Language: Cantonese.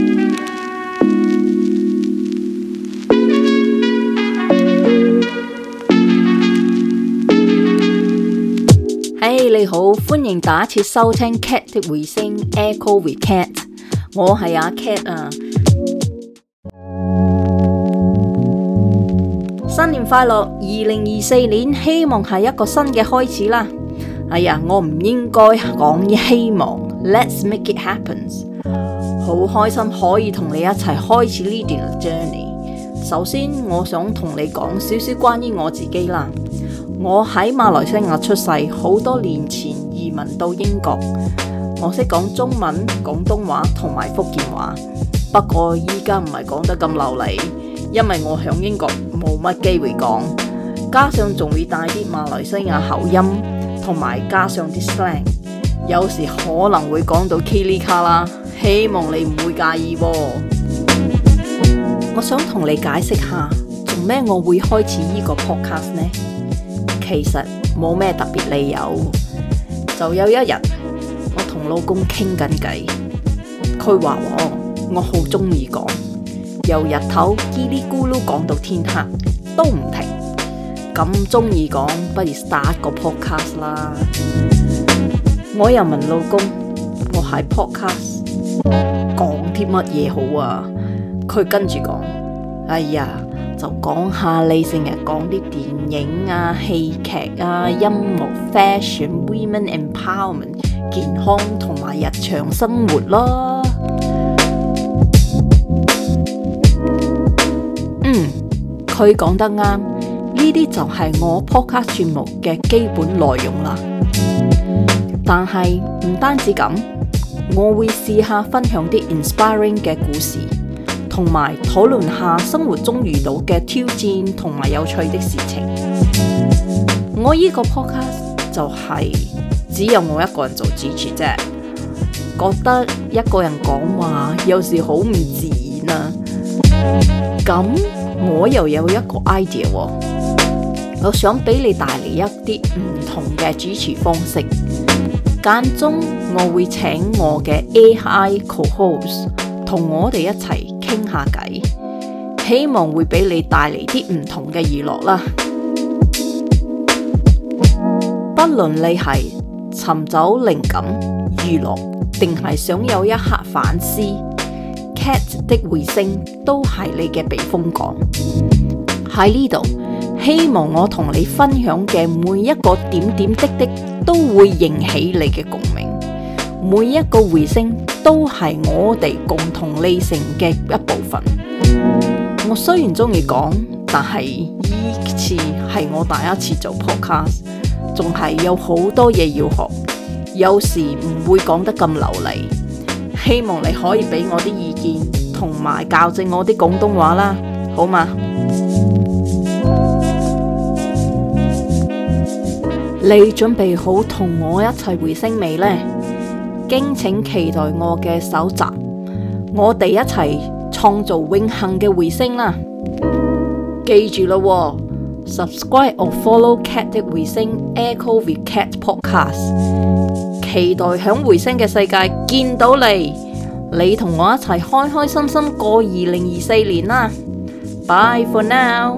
嘿，hey, 你好，歡迎大家一齊收聽 Kat 的回聲 Echoes with Kat，我係阿 Kat 啊！新年快樂，二零二四年希望係一個新嘅開始啦。哎呀，我唔應該講希望，Let's make it happens。好開心可以同你一齊開始呢段 journey。首先，我想同你講少少關於我自己啦。我喺馬來西亞出世，好多年前移民到英國。我識講中文、廣東話同埋福建話，不過依家唔係講得咁流利，因為我響英國冇乜機會講，加上仲會帶啲馬來西亞口音，同埋加上啲 slang，有時可能會講到 Kilika 啦。希望你唔會介意，哦。我想同你解釋下，做咩我會開始呢個 podcast 呢？其實冇咩特別理由。就有一日，我同老公傾緊偈，佢話我我好中意講，由日頭嘰哩咕嚕講到天黑都唔停。咁中意講，不如打個 podcast 啦。我又問老公，我係 podcast。講啲乜嘢好啊？佢跟住講，哎呀，就講下你成日講啲電影啊、戲劇啊、音樂、fashion、women empowerment、健康同埋日常生活咯。嗯，佢講得啱，呢啲就係我 Podcast 節目嘅基本內容啦。但係唔單止咁。我會試下分享啲 inspiring 嘅故事，同埋討論下生活中遇到嘅挑戰同埋有趣的事情。我依個 podcast 就係只有我一個人做主持啫，覺得一個人講話有時好唔自然啊。咁我又有一個 idea 哦，我想俾你帶嚟一啲唔同嘅主持方式。間中我會請我嘅 AI co-host 同我哋一齊傾下偈，希望會俾你帶嚟啲唔同嘅娛樂啦。 不論你係尋找靈感、娛樂，定係想有一刻反思 ，Kat 的回聲都係你嘅避風港。喺呢度，希望我同你分享嘅每一個點點滴滴。都會引起你嘅共鳴，每一個回聲都係我哋共同理性嘅一部分。我雖然鍾意講，但係呢次係我第一次做 podcast，仲係有好多嘢要學，有時唔會講得咁流利。希望你可以俾我啲意見，同埋教正我啲廣東話啦，好嘛？你準備好同我一齊回聲未呢？敬請期待我嘅首集，我哋一齊創造永恒嘅回聲啦！記住咯，subscribe、哦、or follow Kat 的回聲 Echoes with Kat Podcast，期待響回聲嘅世界見到你，你同我一齊開開心心過二零二四年啦！Bye for now。